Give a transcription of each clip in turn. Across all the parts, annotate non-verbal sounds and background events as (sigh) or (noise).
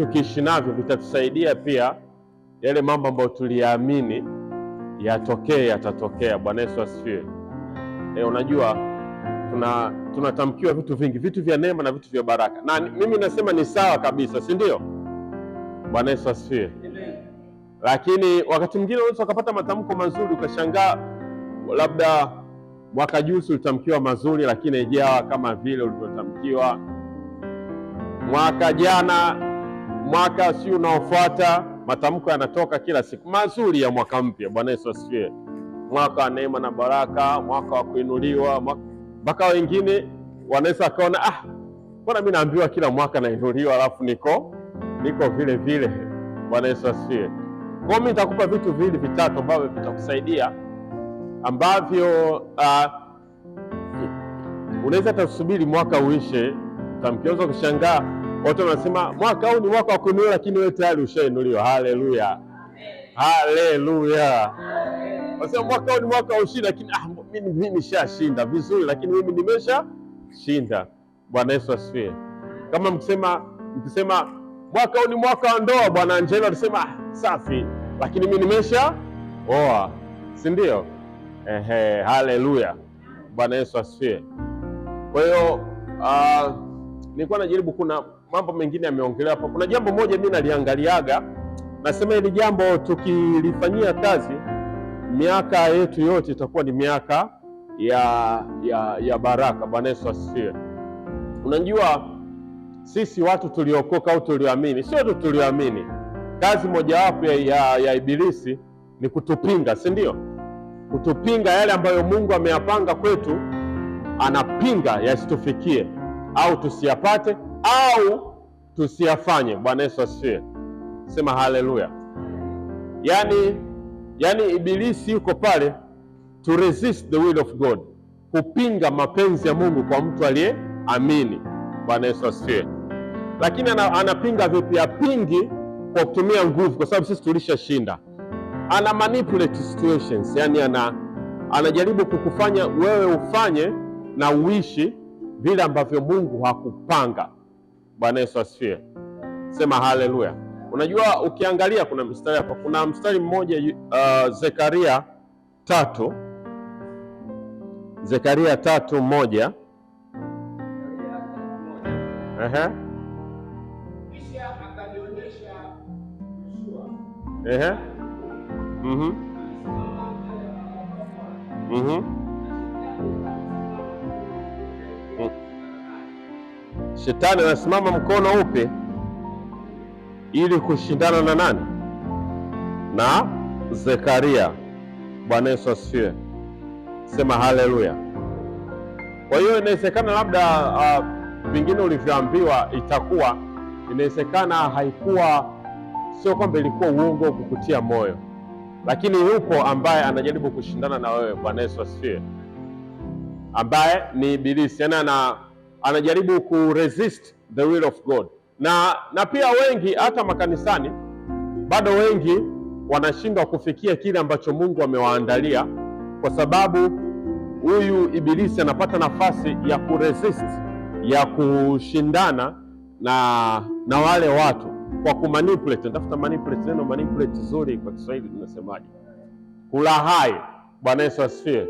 tukiishi navyo vitatusaidia pia yale mambo ambayo tuliyaamini yatokee, yatatokea. Bwana Yesu asifiwe. E, unajua tuna tunatamkiwa vitu vingi, vitu vya neema na vitu vya baraka, na mimi nasema ni sawa kabisa, si ndio? Bwana Yesu asifiwe. Lakini wakati mwingine unaweza ukapata matamko mazuri ukashangaa, labda mwaka juzi ulitamkiwa mazuri, lakini haijawa kama vile ulivyotamkiwa mwaka jana mwaka si unaofuata, matamko yanatoka kila siku mazuri ya mwaka mpya. Bwana Yesu asifiwe! Mwaka wa neema na baraka, mwaka wa kuinuliwa, mpaka wengine wanaweza wakaona ah, mbona mimi naambiwa kila mwaka nainuliwa, alafu niko niko vile vile. Bwana Yesu asifiwe! Kwa mimi nitakupa vitu viwili vitatu ambavyo vitakusaidia ambavyo uh, unaweza tasubiri mwaka uishe, utamkiweza kushangaa Watu wanasema mwaka huu ni mwaka wa kuinuliwa, lakini wewe tayari ushainuliwa. Haleluya, haleluya! Wanasema mwaka huu ni mwaka wa ushindi, lakini ah, mimi nishashinda vizuri, lakini mimi nimesha shinda Bwana Yesu asifiwe. Kama mkisema mkisema mwaka huu ni mwaka wa ndoa, Bwana Angela alisema ah, safi, lakini mimi nimesha oa, si ndio? Ehe, haleluya, Bwana Yesu asifiwe. Kwa hiyo uh, nilikuwa najaribu kuna mambo mengine yameongelewa hapo. Kuna jambo moja mimi naliangaliaga, nasema hili jambo tukilifanyia kazi, miaka yetu yote itakuwa ni miaka ya ya, ya baraka. Bwana Yesu asifiwe. Unajua sisi watu tuliokoka au tulioamini, sio tu tulioamini, kazi mojawapo ya, ya, ya Ibilisi ni kutupinga, si ndio? Kutupinga yale ambayo Mungu ameyapanga kwetu, anapinga yasitufikie au tusiyapate au tusiyafanye. Bwana Yesu asifiwe, sema haleluya. Yani, yani ibilisi yuko pale to resist the will of God, kupinga mapenzi ya Mungu kwa mtu aliye amini Bwana Yesu asifiwe. Lakini anapinga vipi? Apingi kwa kutumia nguvu, kwa sababu sisi tulishashinda. Ana manipulate situations, yani ana anajaribu kukufanya wewe ufanye na uishi vile ambavyo Mungu hakupanga. Bwana Yesu asifiwe. Sema haleluya. Unajua, ukiangalia kuna mstari hapa, kuna mstari mmoja uh, Zekaria tatu Zekaria tatu moja Ehe. Ehe. Mhm. Mhm. Shetani anasimama mkono upe ili kushindana na nani? Na Zekaria. Bwana Yesu asifiwe, sema haleluya. Kwa hiyo inawezekana labda ah, vingine, uh, ulivyoambiwa itakuwa, inawezekana haikuwa, sio kwamba ilikuwa uongo kukutia moyo, lakini yupo ambaye anajaribu kushindana na wewe. Bwana Yesu asifiwe, ambaye ni Ibilisi, yaani ana anajaribu kuresist the will of God, na na pia wengi hata makanisani bado wengi wanashindwa kufikia kile ambacho Mungu amewaandalia kwa sababu huyu ibilisi anapata nafasi ya kuresist ya kushindana na na wale watu kwa kumanipulate. Natafuta manipulate, neno manipulate zuri kwa Kiswahili tunasemaje? Kulahai. Bwana Yesu asifiwe.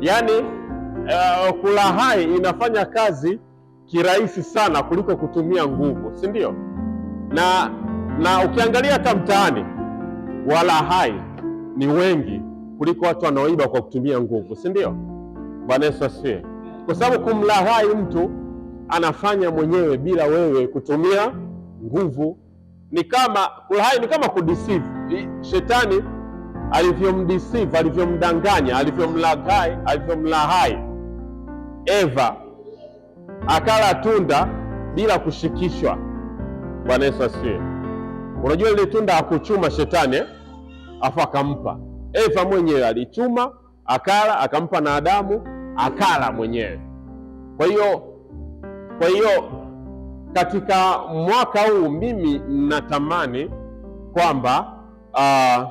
Yaani uh, eh, kulahai inafanya kazi kirahisi sana kuliko kutumia nguvu, si ndio? Na na ukiangalia hata mtaani wala hai ni wengi kuliko watu wanaoiba kwa kutumia nguvu, si ndio? Bwana Yesu asifiwe. Kwa sababu kumlahai mtu anafanya mwenyewe bila wewe kutumia nguvu. Ni kama kulahai, ni kama kudeceive. Shetani alivyomdeceive, alivyomdanganya, alivyomlaghai, alivyomlahai Eva akala tunda bila kushikishwa. Bwana Yesu asifiwe. Unajua ile tunda akuchuma shetani eh? afu akampa Eva mwenyewe alichuma akala, akampa na Adamu akala mwenyewe. Kwa hiyo kwa hiyo katika mwaka huu mimi natamani kwamba ah,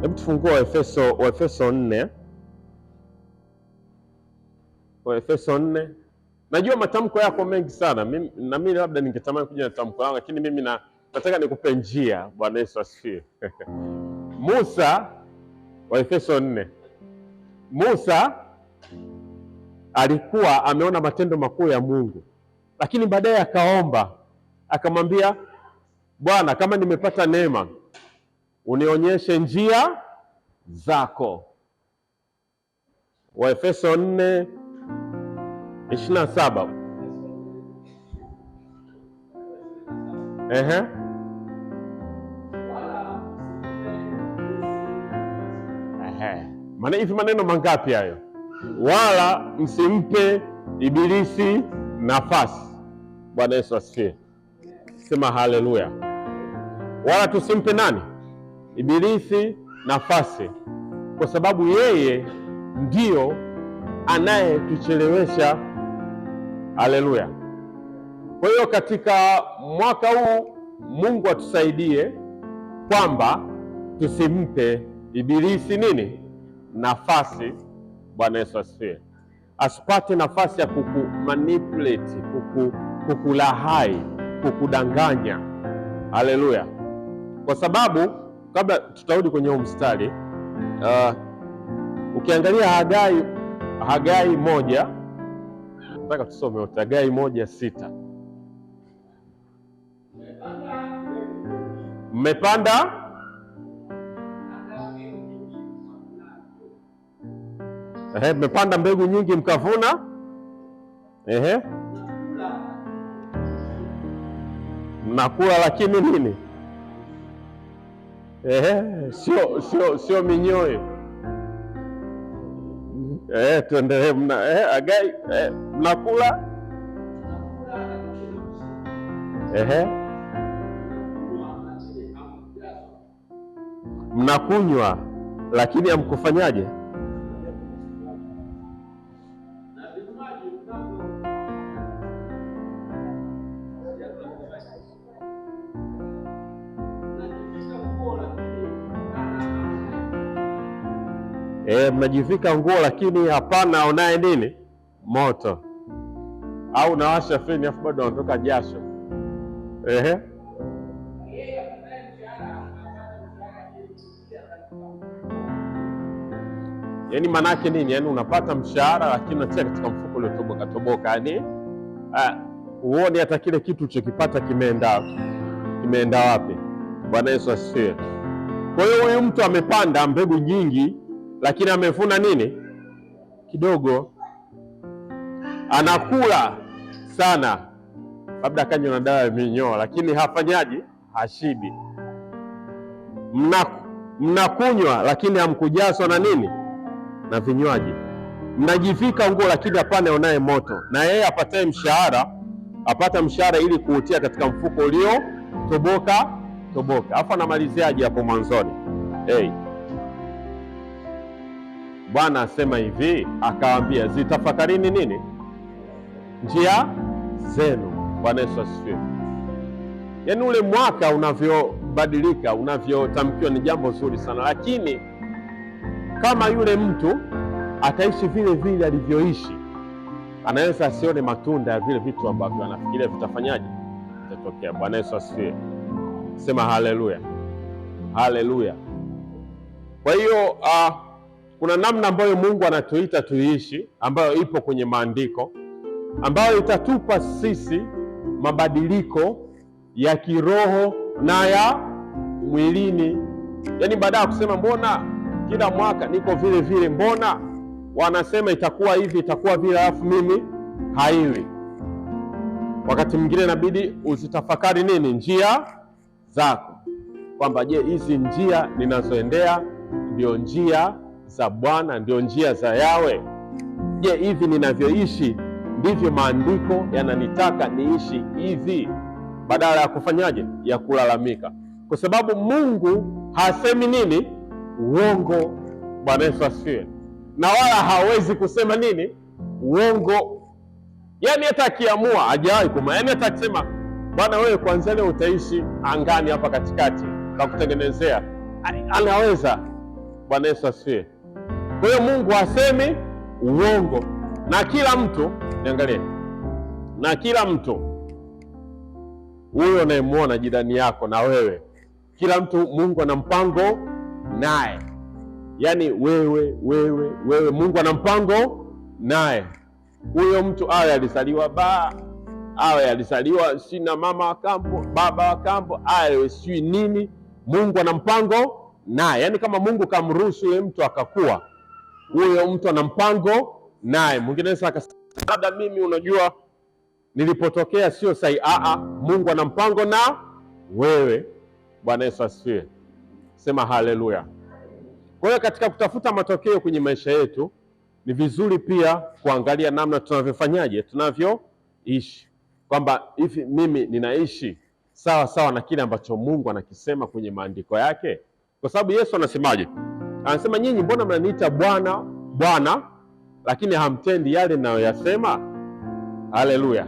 hebu uh, tufungua Waefeso Waefeso nne Waefeso nne najua matamko yako mengi sana mimi, na mimi labda ningetamani kuja na tamko langu, lakini mimi na, nataka nikupe njia. Bwana Yesu asifiwe. (laughs) Musa wa Efeso nne, Musa alikuwa ameona matendo makuu ya Mungu, lakini baadaye akaomba akamwambia Bwana, kama nimepata neema, unionyeshe njia zako. Waefeso nne ishirini na saba ehe Mane, hivi maneno mangapi hayo? Wala msimpe ibilisi nafasi. Bwana Yesu asikie, sema haleluya. Wala tusimpe nani? Ibilisi nafasi, kwa sababu yeye ndiyo anayetuchelewesha Haleluya! Kwa hiyo katika mwaka huu Mungu atusaidie kwamba tusimpe ibilisi nini, nafasi. Bwana Yesu asifiwe. Asipate nafasi ya manipulate kuku, kukulahai, kukudanganya. Haleluya! Kwa sababu kabla tutarudi kwenye huu mstari uh, ukiangalia Hagai, Hagai moja nataka tusome Utagai moja sita. Mmepanda mmepanda mbegu nyingi mkavuna ehe, mnakula lakini nini ehe, sio sio sio minyoyo. Eh, tuendelee mna eh, Hagai mnakula ehe, mnakunywa, lakini hamkufanyaje? E, mnajivika nguo lakini hapana onaye nini moto au unawasha feni afu bado wanatoka jasho. Ehe, yaani maanake nini? Yani unapata mshahara lakini unatia katika mfuko uliotoboka toboka, yani uone hata kile kitu chokipata kimeenda kimeenda wapi. Bwana Yesu asifiwe. Kwa hiyo huyu mtu amepanda mbegu nyingi, lakini amevuna nini kidogo anakula sana, labda kanywa na dawa ya minyoo, lakini hafanyaji, hashibi. Mnakunywa mna lakini hamkujazwa na nini na vinywaji. Mnajivika nguo, lakini hapana onaye moto. Na yeye apataye mshahara apata mshahara ili kuutia katika mfuko ulio toboka toboka. Alafu anamaliziaje hapo mwanzoni? Hey. Bwana asema hivi, akawaambia zitafakarini nini njia zenu. Bwana Yesu asifiwe. Yaani ule mwaka unavyobadilika, unavyotamkiwa ni jambo zuri sana, lakini kama yule mtu ataishi vile vile alivyoishi, anaweza asione matunda ya vile vitu ambavyo anafikiria vitafanyaje, vitatokea. Bwana Yesu asifiwe. Sema haleluya, haleluya. Kwa hiyo uh, kuna namna ambayo Mungu anatuita tuishi ambayo ipo kwenye maandiko ambayo itatupa sisi mabadiliko ya kiroho na ya mwilini. Yaani, baada ya kusema mbona kila mwaka niko vile vile, mbona wanasema itakuwa hivi itakuwa vile, alafu mimi haiwi. Wakati mwingine inabidi uzitafakari nini njia zako, kwamba je, hizi njia ninazoendea ndio njia za Bwana, ndio njia za Yawe? Je, hivi ninavyoishi Ndivyo maandiko yananitaka niishi hivi, badala ya kufanyaje? Ya kulalamika, kwa sababu Mungu hasemi nini? Uongo. Bwana Yesu asifiwe. Na wala hawezi kusema nini? Uongo. Yani hata akiamua hajawahi kuma, yani hata akisema bwana, wewe kwanza leo utaishi angani hapa katikati na kutengenezea, anaweza. Bwana Yesu asifiwe. Kwa hiyo Mungu hasemi uongo na kila mtu niangalie, na kila mtu huyo unayemwona jirani yako na wewe, kila mtu Mungu ana mpango naye. Yaani wewe wewe wewe, Mungu ana mpango naye. Huyo mtu awe alizaliwa baa, awe alizaliwa si na mama wa kambo, baba wa kambo, awe si nini, Mungu ana mpango naye. Yaani kama Mungu kamruhusu yule mtu akakua, huyo mtu ana mpango naye. Mwingine akasema labda mimi, unajua nilipotokea sio sahihi. Aa, ah, ah, Mungu ana mpango na wewe. Bwana Yesu asifiwe, sema haleluya. Kwa hiyo katika kutafuta matokeo kwenye maisha yetu ni vizuri pia kuangalia namna tunavyofanyaje, tunavyoishi, kwamba hivi mimi ninaishi sawa sawa na kile ambacho Mungu anakisema kwenye maandiko yake, kwa sababu Yesu anasemaje? Anasema, nyinyi mbona mnaniita Bwana Bwana lakini hamtendi yale ninayoyasema. Haleluya,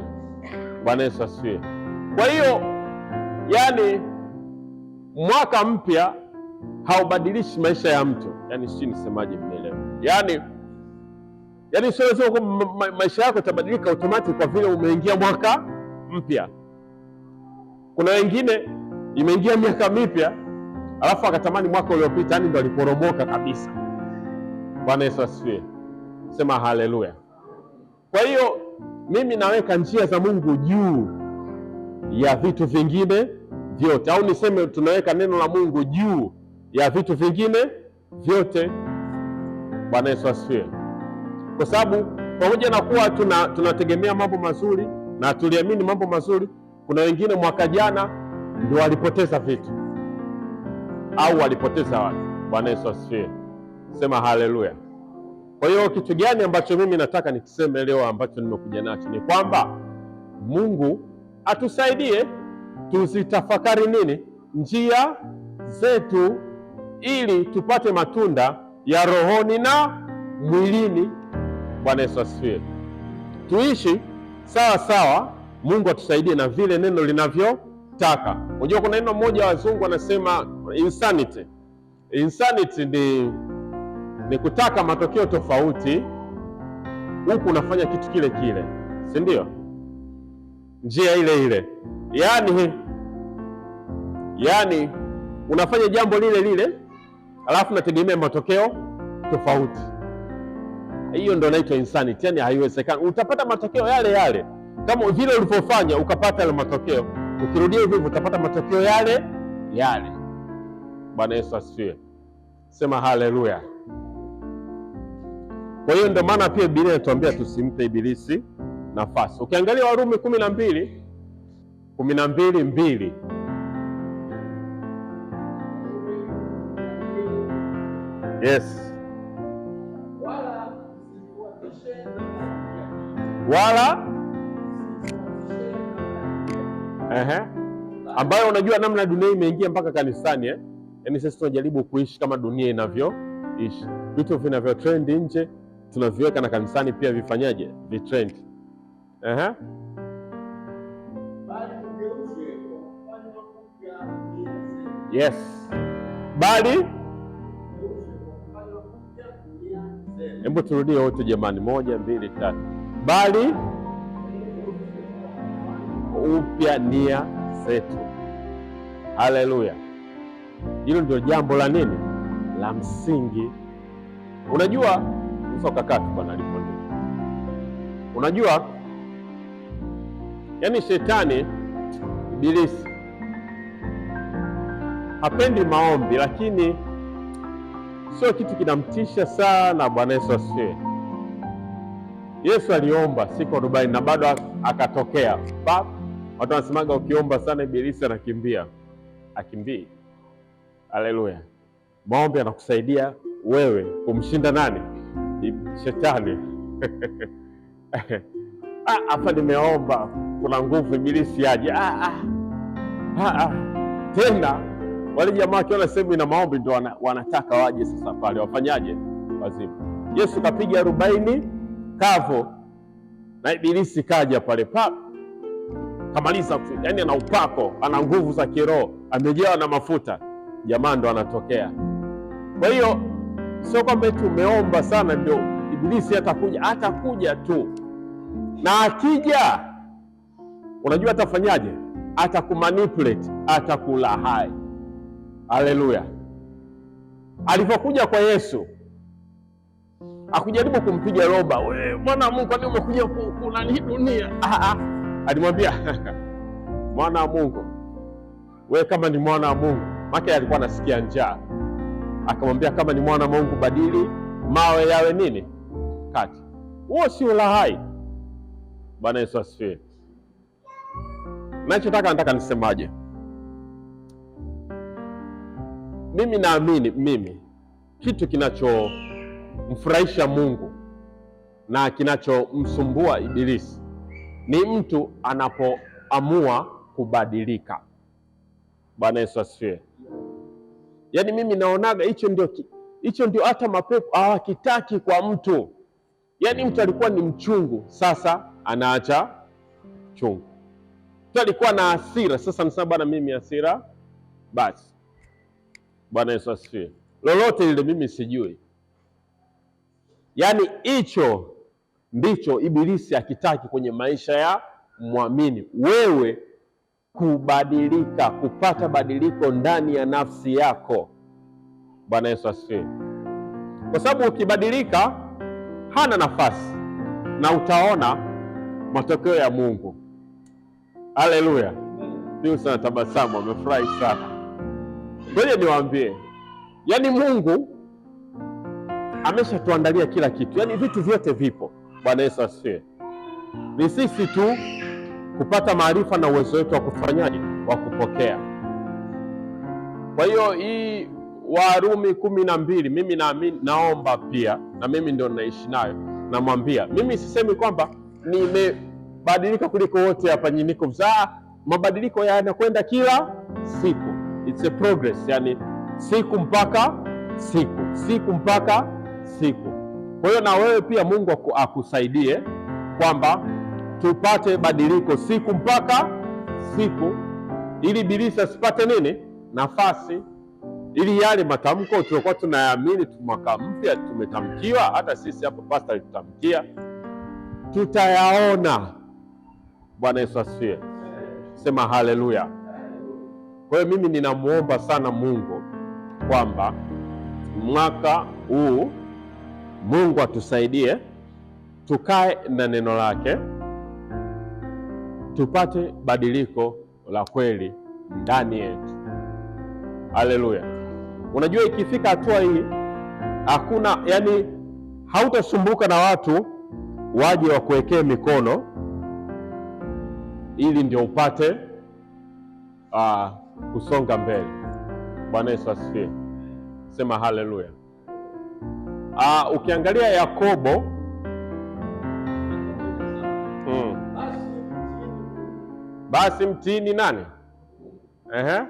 Bwana Yesu asifiwe. Kwa hiyo, yani mwaka mpya haubadilishi maisha ya mtu, yani sijui nisemaje, mnielewa? Yani, yani sio lazima ma maisha yako yatabadilika automatic kwa vile umeingia mwaka mpya. Kuna wengine imeingia miaka mipya alafu akatamani mwaka uliopita, yani ndo aliporomoka kabisa. Bwana Yesu asifiwe. Sema haleluya. Kwa hiyo mimi naweka njia za Mungu juu ya vitu vingine vyote, au niseme tunaweka neno la Mungu juu ya vitu vingine vyote. Bwana Yesu asifiwe. Kwa sababu pamoja na kuwa tuna tunategemea mambo mazuri na tuliamini mambo mazuri, kuna wengine mwaka jana ndio walipoteza vitu au walipoteza watu. Bwana Yesu asifiwe. Sema haleluya. Kwa hiyo kitu gani ambacho mimi nataka nikiseme leo ambacho nimekuja nacho ni kwamba Mungu atusaidie tuzitafakari nini njia zetu ili tupate matunda ya rohoni na mwilini. Bwana Yesu asifiwe. Tuishi sawa sawa, Mungu atusaidie na vile neno linavyotaka. Unajua kuna neno mmoja wazungu wanasema insanity. Insanity ni ni kutaka matokeo tofauti, huku unafanya kitu kile kile, si ndio? Njia ile ile, yaani yaani unafanya jambo lile lile alafu unategemea matokeo tofauti. Hiyo ndio inaitwa insanity, yani haiwezekani. Utapata matokeo yale yale kama vile ulivyofanya ukapata yale matokeo, ukirudia hivyo hivyo utapata matokeo yale yale. Bwana Yesu asifiwe, sema haleluya. Kwa hiyo ndio maana pia Biblia inatuambia tusimpe ibilisi nafasi. Ukiangalia Warumi kumi na mbili kumi na mbili mbili yes, wala Ehe. ambayo unajua namna dunia imeingia mpaka kanisani eh? Yaani sisi tunajaribu kuishi kama dunia inavyoishi, vitu vinavyo nje tunaviweka na kanisani pia vifanyaje, vitrend. Aha. Yes, bali hebu turudie wote jamani, moja mbili tatu, bali upya nia zetu. Haleluya! Hilo ndio jambo la nini la msingi, unajua ukakaa tu bwana alipo. Unajua, yaani shetani ibilisi hapendi maombi, lakini sio kitu kinamtisha sana. Bwana Yesu asifiwe. Yesu aliomba siku arobaini na bado akatokea pap. Watu wanasemaga ukiomba sana ibilisi anakimbia, akimbii. Haleluya! Maombi yanakusaidia wewe kumshinda nani? shetani (laughs) ah, hapa nimeomba, kuna nguvu ibilisi aje. Ah, ah, ah, ah, tena wale jamaa wakiona sehemu ina maombi ndo wana, wanataka waje sasa pale wafanyaje? Wazimu. Yesu kapiga arobaini kavo na ibilisi kaja pale pap kamaliza, yani ana upako, ana nguvu za kiroho, amejawa na mafuta, jamaa ndo anatokea. Kwa hiyo Sio kwamba eti umeomba sana ndio ibilisi atakuja. Atakuja tu, na akija, unajua atafanyaje? Atakumanipulate, atakula hai. Haleluya! Alivyokuja kwa Yesu akujaribu kumpiga roba, mwana wa Mungu, kwani umekuja kuna dunia? Ah, ah. Alimwambia (laughs) mwana wa Mungu, we kama ni mwana wa Mungu, maana alikuwa anasikia njaa akamwambia kama ni mwana Mungu badili mawe yawe nini kati. Huo si ulahai. Bwana Yesu asifiwe. Nachotaka nataka nisemaje? Mimi naamini mimi kitu kinachomfurahisha Mungu na kinachomsumbua Ibilisi ni mtu anapoamua kubadilika. Bwana Yesu asifiwe. Yaani mimi naonaga hicho ndio hicho ndio hata mapepo hawakitaki kwa mtu, yaani mtu alikuwa ni mchungu, sasa anaacha chungu. Mtu alikuwa na hasira, sasa nasema bwana, mimi hasira basi. Bwana Yesu asifiwe. Lolote lile mimi sijui, yaani hicho ndicho ibilisi akitaki kwenye maisha ya mwamini. Wewe kubadilika, kupata badiliko ndani ya nafsi yako. Bwana Yesu asifiwe. Kwa sababu ukibadilika, hana nafasi na utaona matokeo ya Mungu. Haleluya! sana tabasamu, amefurahi sana. Ngoja niwaambie, yaani Mungu ameshatuandalia kila kitu, yaani vitu vyote vipo. Bwana Yesu asifiwe. Ni sisi tu kupata maarifa na uwezo wetu wa kufanyaje, wa kupokea. Kwa hiyo hii Warumi kumi na mbili mimi naamini, naomba pia na mimi ndio naishi nayo, namwambia mimi sisemi kwamba nimebadilika kuliko wote hapa nyini za mabadiliko yanakwenda kila siku, it's a progress, yani siku mpaka siku, siku mpaka siku. Kwa hiyo na wewe pia Mungu akusaidie kwamba tupate badiliko siku mpaka siku, ili bilisi asipate nini nafasi, ili yale matamko tuliokuwa tunayaamini mwaka mpya tumetamkiwa, hata sisi hapa pasta alitutamkia, tutayaona. Bwana Yesu asifiwe, sema haleluya. Kwa hiyo mimi ninamwomba sana Mungu kwamba mwaka huu Mungu atusaidie tukae na neno lake tupate badiliko la kweli ndani yetu. Haleluya! Unajua, ikifika hatua hii hakuna yani, hautasumbuka na watu waje wakuwekee mikono ili ndio upate uh, kusonga mbele. Bwana Yesu asifiwe, sema haleluya. Uh, ukiangalia Yakobo basi mtiini nani? Ehe,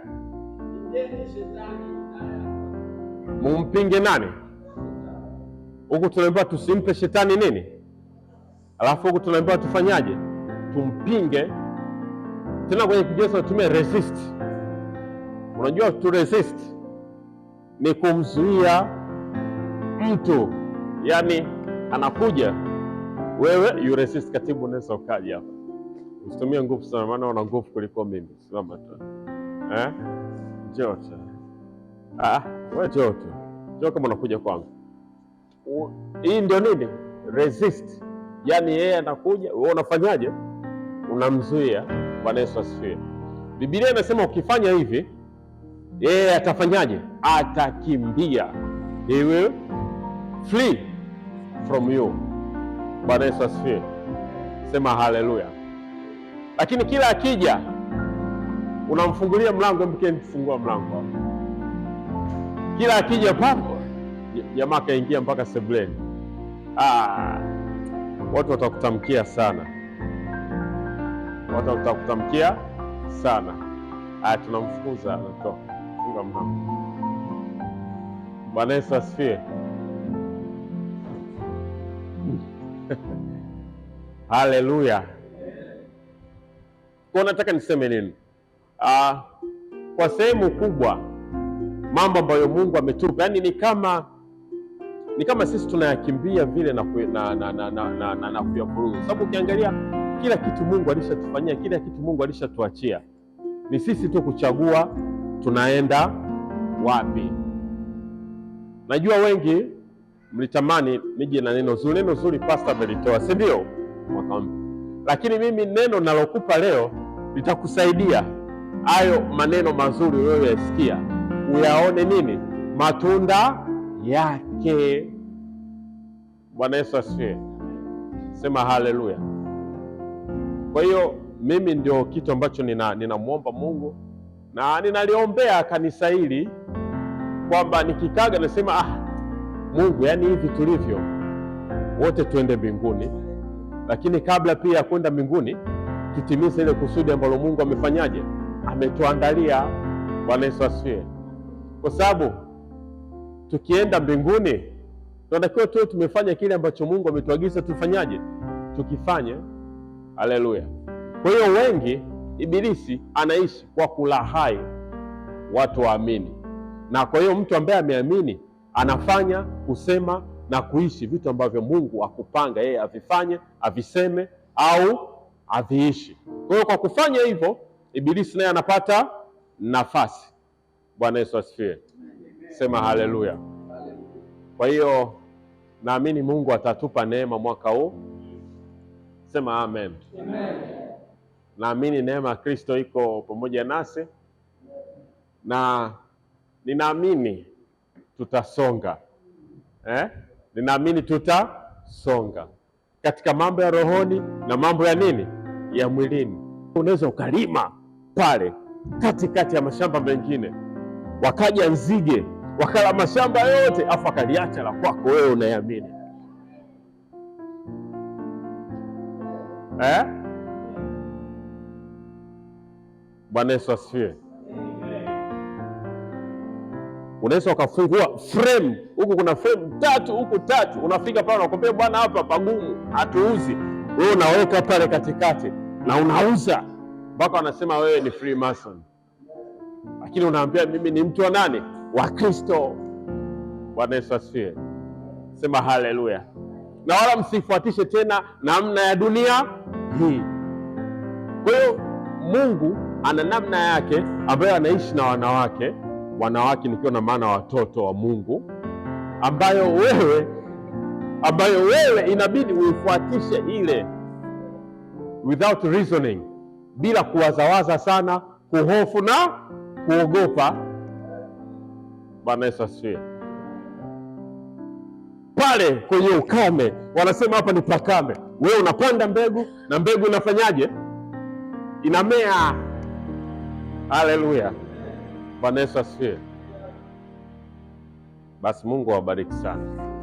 mumpinge nani? Huku tunaambiwa tusimpe shetani nini, alafu huku tunaambiwa tufanyaje? Tumpinge. Tena kwenye Kiingereza tunatumia resist. Unajua to resist ni kumzuia mtu, yaani anakuja wewe, you resist. Katibu, unaweza ukaja hapa Usitumie nguvu sana, maana una nguvu kuliko mimi. Simama tu eh? Njoo tu ah, wewe njoo tu, njoo kama unakuja kwangu. Hii ndio nini resist, yaani yeye anakuja, wewe unafanyaje? Unamzuia. Bwana Yesu asifiwe. Biblia inasema ukifanya hivi yeye atafanyaje? Atakimbia, he will flee from you. Bwana Yesu asifiwe, sema haleluya lakini kila akija unamfungulia mlango, mke kufungua mlango. Kila akija papo jamaa kaingia mpaka sebuleni. Ah, watu watakutamkia sana, watu watakutamkia sana. Ah, tunamfukuza anatoka, funga mlango. Bwana Yesu asifiwe. (laughs) Haleluya. Kwa nataka niseme nini? Aa, ah, kwa sehemu kubwa mambo ambayo Mungu ametupa yaani ni kama ni kama sisi tunayakimbia vile na na na na na, na, na kuyapuruza, sababu ukiangalia kila kitu Mungu alishatufanyia, kila kitu Mungu alishatuachia, ni sisi tu kuchagua tunaenda wapi. Najua wengi mlitamani nije na neno zuri, neno zuri pasta amelitoa, si ndio? Lakini mimi neno nalokupa leo itakusaidia hayo maneno mazuri yasikia uyaone nini matunda yake. Bwana Yesu asifiwe, sema haleluya. Kwa hiyo mimi ndio kitu ambacho ninamwomba nina Mungu na ninaliombea kanisa hili kwamba nikikaga nasema ah, Mungu, yaani hivi tulivyo wote tuende mbinguni, lakini kabla pia ya kwenda mbinguni tukitimiza ile kusudi ambalo Mungu amefanyaje, ametuandalia. Bwana Yesu asifiwe. Kwa sababu tukienda mbinguni tunatakiwa tuwe tumefanya kile ambacho Mungu ametuagiza tufanyaje, tukifanya. Haleluya! Kwa hiyo wengi, Ibilisi anaishi kwa kulahai watu waamini, na kwa hiyo mtu ambaye ameamini anafanya kusema na kuishi vitu ambavyo Mungu akupanga yeye avifanye, aviseme au haviishi. Kwa hiyo kwa kufanya hivyo, Ibilisi naye anapata nafasi. Bwana Yesu asifiwe, sema haleluya. Kwa hiyo naamini Mungu atatupa neema mwaka huu, sema amen, amen. Naamini neema ya Kristo iko pamoja nasi na ninaamini tutasonga eh? Ninaamini tutasonga katika mambo ya rohoni na mambo ya nini ya mwilini. Unaweza ukalima pale katikati ya mashamba mengine, wakaja nzige wakala mashamba yote, afu akaliacha la kwako wewe unayamini eh? Bwana Yesu asifiwe unaweza ukafungua frame huku, kuna frame tatu huku tatu, unafika pale unakwambia bwana, hapa pagumu, hatuuzi. Wewe unaweka pale katikati na unauza mpaka wanasema wewe ni free mason, lakini unaambia mimi ni mtu wa nani? Wa Kristo. Bwana Yesu asifiwe, sema haleluya. Na wala msifuatishe tena namna ya dunia hii. Kwa hiyo Mungu ana namna yake ambayo anaishi na wanawake wanawake nikiwa na maana watoto wa Mungu, ambayo wewe ambayo wewe inabidi uifuatishe ile without reasoning, bila kuwazawaza sana, kuhofu na kuogopa. Bwana Yesu asifiwe. Pale kwenye ukame, wanasema hapa ni pakame, wewe unapanda mbegu na mbegu inafanyaje? Inamea. Haleluya. Bwana Yesu asifiwe. Basi Mungu awabariki sana.